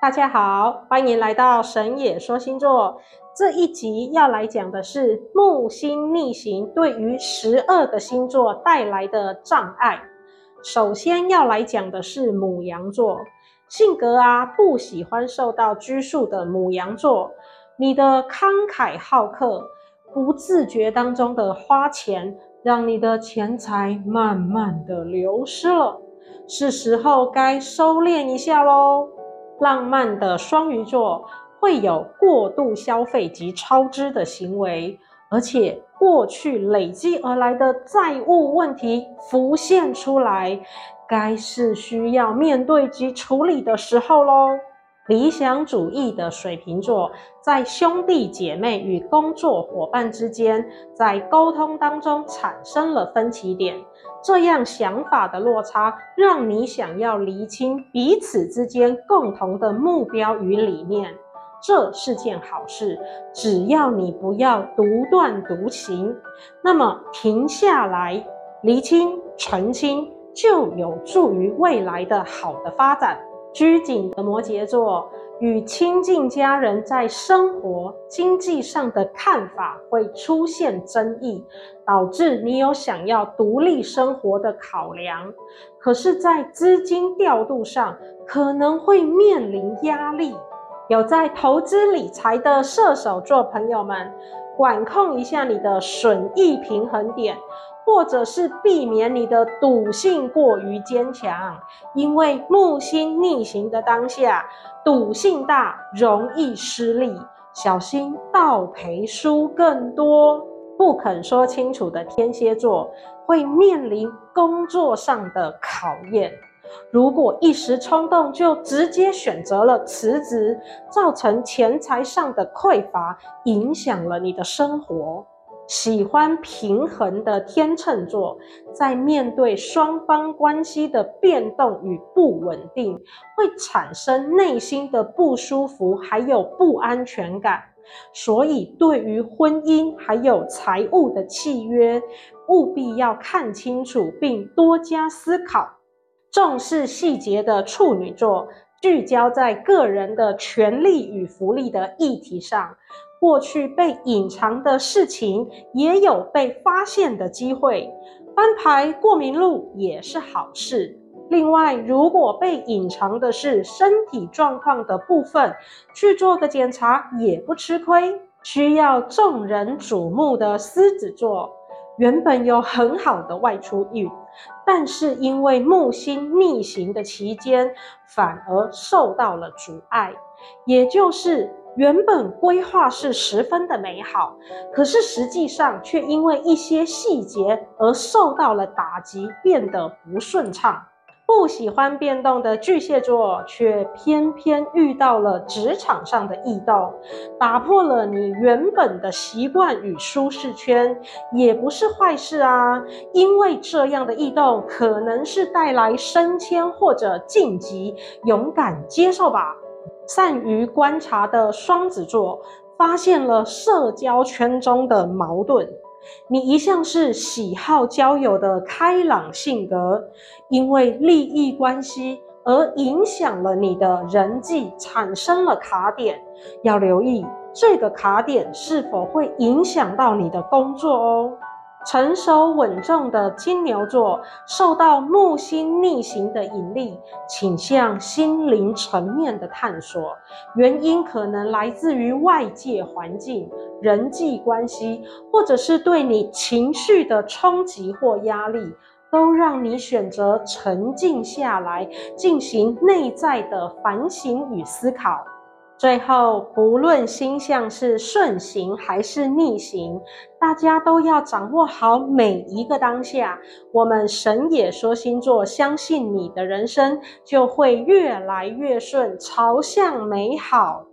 大家好，歡迎來到神野說星座。這一集要來講的是木星逆行對於十二個星座帶來的障礙。首先要來講的是牡羊座，性格啊不喜歡受到拘束的牡羊座，你的慷慨好客，不自覺當中的花錢，讓你的錢財慢慢的流失了，是時候該收斂一下嘍。浪漫的雙魚座會有過度消費及超支的行為，而且過去累積而來的債務問題浮現出來，該是需要面對及處理的時候嘍。理想主義的水瓶座，在兄弟姐妹與工作夥伴之間，在溝通當中產生了分歧點。這樣想法的落差，讓你想要釐清彼此之間共同的目標與理念，這是件好事。只要你不要獨斷獨行，那麼停下來，釐清、澄清，就有助於未來的好的發展。拘謹的摩羯座與親近家人在生活經濟上的看法會出現爭議，導致你有想要獨立生活的考量，可是，在資金調度上可能會面臨壓力。有在投資理財的射手座朋友們，管控一下你的損益平衡點。或者是避免你的賭性過於堅強，因為木星逆行的當下，賭性大容易失利，小心倒賠輸更多。不肯說清楚的天蠍座會面臨工作上的考驗，如果一時衝動就直接選擇了辭職，造成錢財上的匱乏，影響了你的生活。喜歡平衡的天秤座，在面對雙方關係的變動與不穩定，會產生內心的不舒服，還有不安全感。所以，對於婚姻還有財務的契約，務必要看清楚並多加思考。重視細節的處女座。聚焦在個人的權利與福利的議題上，過去被隱藏的事情也有被發現的機會。翻牌過明路也是好事。另外，如果被隱藏的是身體狀況的部分，去做個檢查也不吃虧。需要眾人矚目的獅子座。原本有很好的外出運，但是因為木星逆行的期間，反而受到了阻礙。也就是原本規劃是十分的美好，可是實際上卻因為一些細節而受到了打擊，變得不順暢。不喜歡變動的巨蟹座，卻偏偏遇到了職場上的異動，打破了你原本的習慣與舒適圈，也不是壞事啊。因為這樣的異動可能是帶來升遷或者晉級，勇敢接受吧。善於觀察的雙子座，發現了社交圈中的矛盾。你一向是喜好交友的開朗性格，因為利益關係而影響了你的人際，產生了卡點。要留意這個卡點是否會影響到你的工作哦。成熟穩重的金牛座受到木星逆行的引力，傾向心靈層面的探索。原因可能來自於外界環境、人際關係，或者是對你情緒的衝擊或壓力，都讓你選擇沉靜下來，進行內在的反省與思考。最後，不論星象是順行還是逆行，大家都要掌握好每一個當下。我們神野說星座，相信你的人生就會越來越順，朝向美好。